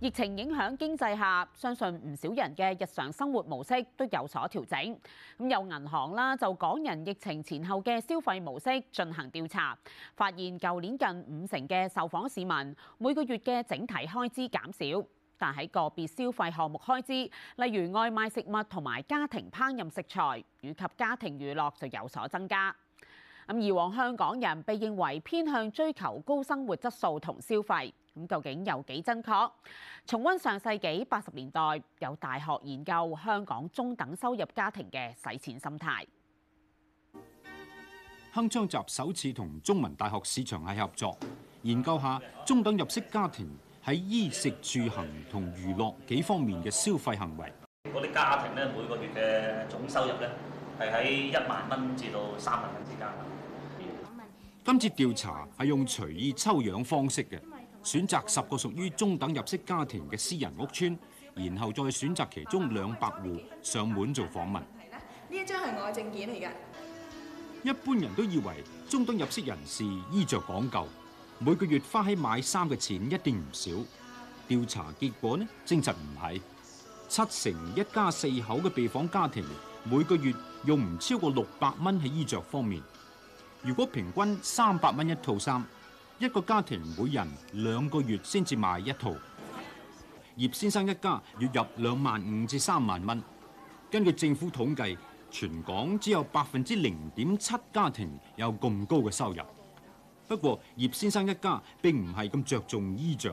疫情影響經濟下，相信唔少人嘅日常生活模式都有所調整。咁有銀行啦，就港人疫情前後嘅消費模式進行調查，發現舊年近五成嘅受訪市民每個月嘅整體開支減少，但喺個別消費項目開支，例如外賣食物同埋家庭烹飪食材以及家庭娛樂就有所增加。咁以往香港人被認為偏向追求高生活質素同消費，咁究竟有幾真確？重溫上世紀八十年代有大學研究香港中等收入家庭嘅使錢心態。鏗鏘集首次同中文大學市場系合作研究下中等入息家庭喺衣食住行同娛樂幾方面嘅消費行為。嗰啲家庭呢每個月嘅總收入呢。係喺一萬蚊至到三萬蚊之間。今次調查係用隨意抽樣方式嘅，選擇十個屬於中等入息家庭嘅私人屋邨，然後再選擇其中兩百戶上門做訪問。呢一張係我嘅證件嚟㗎。一般人都以為中等入息人士衣着講究，每個月花喺買衫嘅錢一定唔少。調查結果呢，證實唔係，七成一家四口嘅被訪家庭。每個月用唔超過六百蚊喺衣着方面，如果平均三百蚊一套衫，一個家庭每人兩個月先至買一套。葉先生一家月入兩萬五至三萬蚊，根據政府統計，全港只有百分之零點七家庭有咁高嘅收入。不過葉先生一家並唔係咁着重衣着，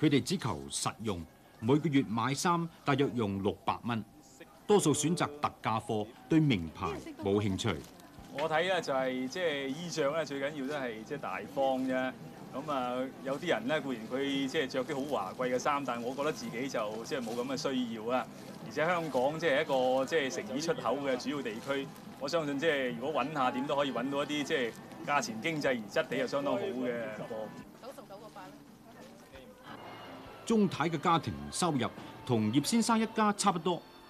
佢哋只求實用，每個月買衫大約用六百蚊。多數選擇特價貨，對名牌冇興趣。我睇咧就係即係衣著咧最緊要都係即係大方啫。咁啊有啲人咧固然佢即係着啲好華貴嘅衫，但係我覺得自己就即係冇咁嘅需要啊。而且香港即係一個即係成衣出口嘅主要地區，我相信即係如果揾下點都可以揾到一啲即係價錢經濟而質地又相當好嘅貨。揾唔到個品。鍾太嘅家庭收入同葉先生一家差不多。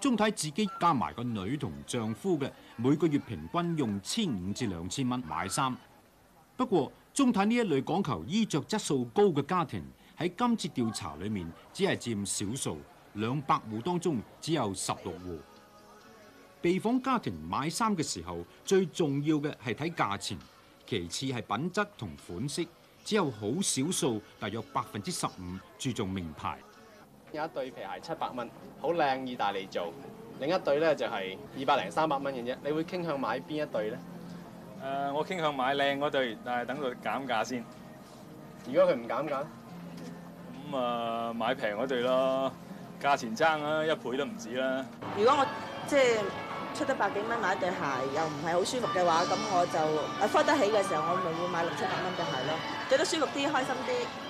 鍾太自己加埋個女同丈夫嘅，每個月平均用千五至兩千蚊買衫。不過，鍾太呢一類講求衣着質素高嘅家庭，喺今次調查裏面只係佔少數，兩百戶當中只有十六戶。被訪家庭買衫嘅時候，最重要嘅係睇價錢，其次係品質同款式，只有好少數，大約百分之十五注重名牌。有一對皮鞋七百蚊，好靚意大利做，另一對咧就係二百零三百蚊嘅啫。你會傾向買邊一對咧？誒，我傾向買靚嗰對，但係等佢減價先。如果佢唔減價，咁啊買平嗰對咯，價錢爭啊一倍都唔止啦。如果我即係出得百幾蚊買一對鞋，又唔係好舒服嘅話，咁我就誒花得起嘅時候，我咪會買六七百蚊嘅鞋咯，着得舒服啲，開心啲。